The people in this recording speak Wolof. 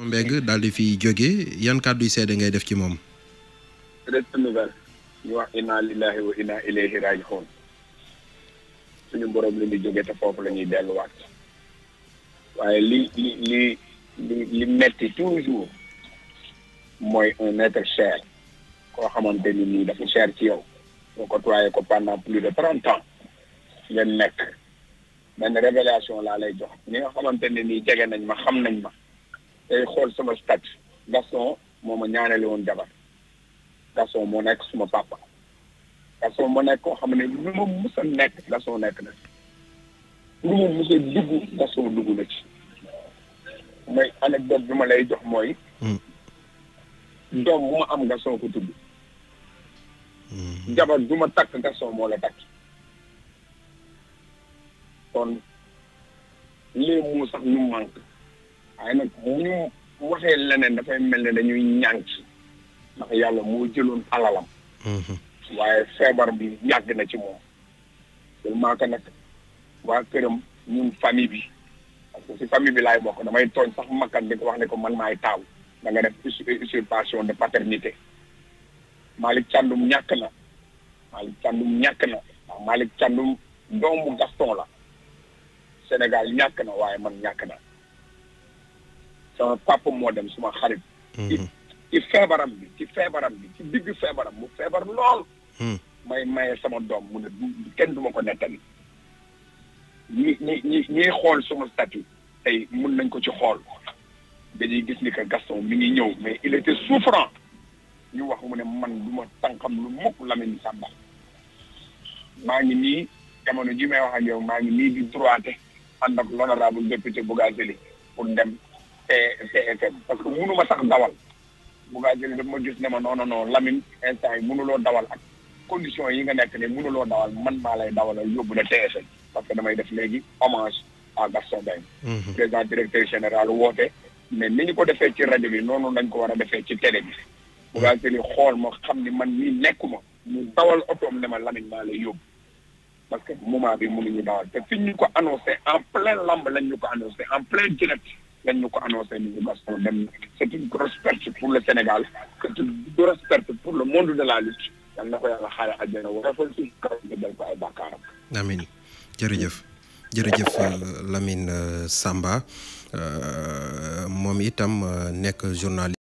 Mbengue daal di fi jóge yan kàddu yu seede ngay def ci moom. triste nouvelle ñu wax inna lillahi wa inna ilayhi raji'un suñu borom la ñuy jóge te foofu lañuy ñuy delluwaat waaye li li li li li metti toujours mooy un être cher koo xamante ni nii dafa cher ci yow boo ko côtoyé ko pendant plus de trente ans ngeen nekk benn révélation laa lay jox ñi nga xamante ne nii jege nañ ma xam nañ ma. day xool sama statut Gaston moo ma ñaanale woon jabar Gaston moo nekk suma papa Gaston moo nekk koo xam ne lu ma mus a nekk Gaston nekk na lu ma mus a dugg Gaston na ci mooy anecdote bi ma lay jox mooy hmm. doom bu am Gaston ko tudd jabar du ma takk Gaston moo la takk kon léegi mu sax ñu waaye nag bu ñu waxee leneen dafay mel ne dañuy ñànk ndax yàlla moo jëloon alalam. Mhm. waaye feebar bi yàgg na ci moom. seulement que waa këram ñun famille bi parce que si famille bi laay bokk damay tooñ sax makkat di ko wax ne ko man maay taaw da nga def usurpation de paternité Malick Thiandoum ñàkk na Malick Thiandoum ñàkk na waaw Malick Thiandoum doomu Gaston la Sénégal ñàkk na waaye man ñàkk na sama papa moo dem suma xarit. Mhm. ci ci feebaram bi ci feebaram bi ci digg feebaram mu feebar lool. Mhm. may maye sama doom mu ne kenn du ma ko nettali. ñi ñi ñi ñiy xool suma statut tey mun nañ ko ci xool dañuy gis ni que Gaston mi ngi ñëw mais il était souffrant ñu wax mu ne man du ma tànkam lu mukk Lamine Samba maa ngi nii jamono ji may wax ñëw maa ngi nii di droité ànd ak l'honorable député Bougazelli pour dem. TFM parce que munu ma sax dawal Bouga Jëli daf ma gis ne ma noonu non non Lamine instant yi mënuloo dawal ak condition yi nga nekk ne mënuloo dawal man maa lay dawalal yóbbu la TFM parce que damay def léegi hommage à Gaston Mbengue. Mhm. président directeur général woote. mais ni ñu ko defee ci rajo bi noonu lañ ko war a defee ci télé bi. Bouga Jëli xool ma xam ni man mii nekkuma mu dawal otoom ne ma Lamine maa lay yóbbu. parce que moment bi mënuñu dawal te fi ñu ko annoncé en plein lañ ñu ko annoncé en plein direct. lañ ko annoncé ni ñu Gaston dem c'est une pour le Sénégal c'est une pour le monde de la lutte yal na ko yàlla xaare àjjana warafal suñu jërëjëf jërëjëf euh, Lamine euh, Samba euh, moom itam nekk journaliste